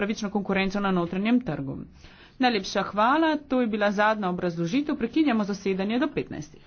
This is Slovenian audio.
pravično konkurenco na notranjem trgu. Najlepša hvala, to je bila zadnja obrazložitev, prekinjamo zasedanje do 15.